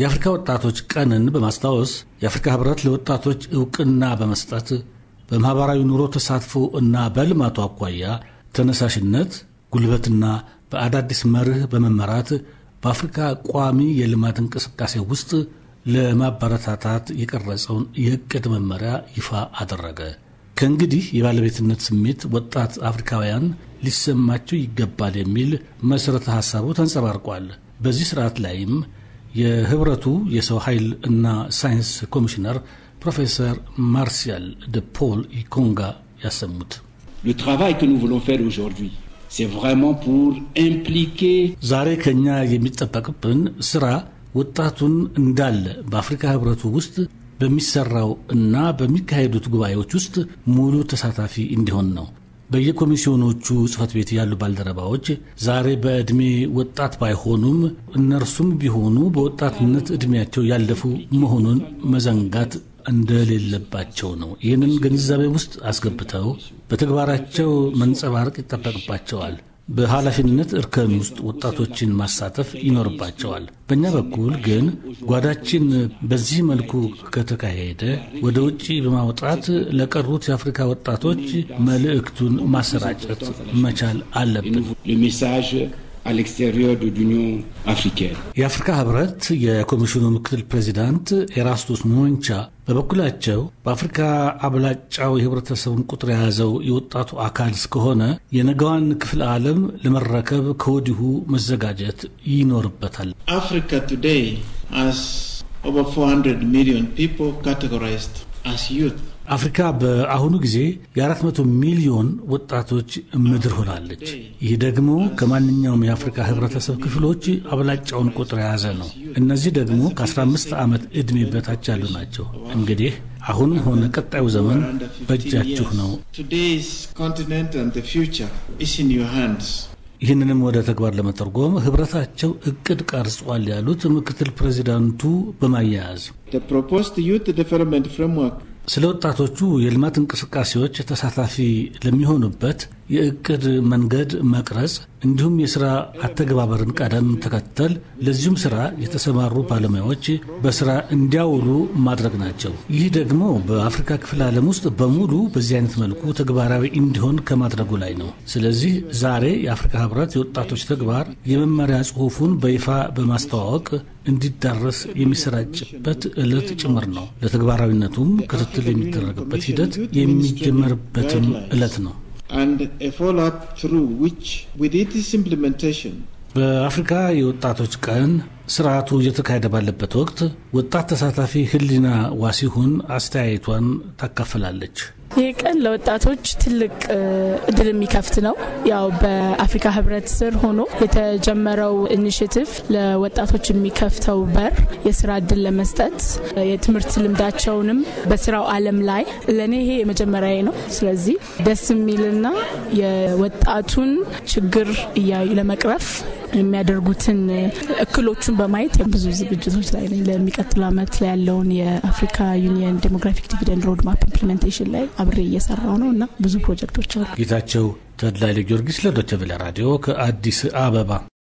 የአፍሪካ ወጣቶች ቀንን በማስታወስ የአፍሪካ ህብረት ለወጣቶች እውቅና በመስጠት በማኅበራዊ ኑሮ ተሳትፎ እና በልማቱ አኳያ ተነሳሽነት፣ ጉልበትና በአዳዲስ መርህ በመመራት በአፍሪካ ቋሚ የልማት እንቅስቃሴ ውስጥ ለማበረታታት የቀረጸውን የእቅድ መመሪያ ይፋ አደረገ። ከእንግዲህ የባለቤትነት ስሜት ወጣት አፍሪካውያን ሊሰማቸው ይገባል የሚል መሠረተ ሐሳቡ ተንጸባርቋል። በዚህ ሥርዓት ላይም የህብረቱ የሰው ኃይል እና ሳይንስ ኮሚሽነር ፕሮፌሰር ማርሲያል ደ ፖል ኢኮንጋ ያሰሙት ዛሬ ከኛ የሚጠበቅብን ስራ ወጣቱን እንዳለ በአፍሪካ ህብረቱ ውስጥ በሚሰራው እና በሚካሄዱት ጉባኤዎች ውስጥ ሙሉ ተሳታፊ እንዲሆን ነው። በየኮሚሽኖቹ ጽህፈት ቤት ያሉ ባልደረባዎች ዛሬ በዕድሜ ወጣት ባይሆኑም እነርሱም ቢሆኑ በወጣትነት ዕድሜያቸው ያለፉ መሆኑን መዘንጋት እንደሌለባቸው ነው። ይህንን ግንዛቤ ውስጥ አስገብተው በተግባራቸው መንጸባረቅ ይጠበቅባቸዋል። በኃላፊነት እርከን ውስጥ ወጣቶችን ማሳተፍ ይኖርባቸዋል። በእኛ በኩል ግን ጓዳችን በዚህ መልኩ ከተካሄደ ወደ ውጭ በማውጣት ለቀሩት የአፍሪካ ወጣቶች መልእክቱን ማሰራጨት መቻል አለብን። à l'extérieur de l'Union africaine። የአፍሪካ ህብረት የኮሚሽኑ ምክትል ፕሬዚዳንት ኤራስቱስ ሞንቻ በበኩላቸው በአፍሪካ አብላጫው የህብረተሰቡን ቁጥር የያዘው የወጣቱ አካል እስከሆነ የነገዋን ክፍለ ዓለም ለመረከብ ከወዲሁ መዘጋጀት ይኖርበታል። አፍሪካ ቱዴይ አስ ኦቨር 400 ሚሊዮን people ካቴጎራይዝድ አፍሪካ በአሁኑ ጊዜ የ400 ሚሊዮን ወጣቶች ምድር ሆናለች። ይህ ደግሞ ከማንኛውም የአፍሪካ ህብረተሰብ ክፍሎች አብላጫውን ቁጥር የያዘ ነው። እነዚህ ደግሞ ከ15 ዓመት ዕድሜ በታች ያሉ ናቸው። እንግዲህ አሁን ሆነ ቀጣዩ ዘመን በእጃችሁ ነው። ይህንንም ወደ ተግባር ለመተርጎም ህብረታቸው እቅድ ቀርጿል ያሉት ምክትል ፕሬዚዳንቱ በማያያዝ ስለ ወጣቶቹ የልማት እንቅስቃሴዎች ተሳታፊ ለሚሆኑበት የእቅድ መንገድ መቅረጽ እንዲሁም የስራ አተገባበርን ቀደም ተከተል ለዚሁም ስራ የተሰማሩ ባለሙያዎች በስራ እንዲያውሉ ማድረግ ናቸው። ይህ ደግሞ በአፍሪካ ክፍለ ዓለም ውስጥ በሙሉ በዚህ አይነት መልኩ ተግባራዊ እንዲሆን ከማድረጉ ላይ ነው። ስለዚህ ዛሬ የአፍሪካ ህብረት የወጣቶች ተግባር የመመሪያ ጽሑፉን በይፋ በማስተዋወቅ እንዲዳረስ የሚሰራጭበት ዕለት ጭምር ነው። ለተግባራዊነቱም ክትትል የሚደረግበት ሂደት የሚጀመርበትም ዕለት ነው። and a follow-up through which, with its implementation, በአፍሪካ የወጣቶች ቀን ስርዓቱ እየተካሄደ ባለበት ወቅት ወጣት ተሳታፊ ህሊና ዋሲሁን አስተያየቷን ታካፍላለች። ይህ ቀን ለወጣቶች ትልቅ እድል የሚከፍት ነው። ያው በአፍሪካ ህብረት ስር ሆኖ የተጀመረው ኢኒሽቲቭ ለወጣቶች የሚከፍተው በር የስራ እድል ለመስጠት የትምህርት ልምዳቸውንም በስራው አለም ላይ ለእኔ ይሄ የመጀመሪያ ነው። ስለዚህ ደስ የሚልና የወጣቱን ችግር እያዩ ለመቅረፍ የሚያደርጉትን እክሎቹን በማየት ብዙ ዝግጅቶች ላይ ነኝ። ለሚቀጥለው ዓመት ያለውን የአፍሪካ ዩኒየን ዴሞግራፊክ ዲቪደንድ ሮድማፕ ኢምፕሊሜንቴሽን ላይ አብሬ እየሰራው ነው እና ብዙ ፕሮጀክቶች አሉ። ጌታቸው ተድላይ ጊዮርጊስ ራዲዮ ከአዲስ አበባ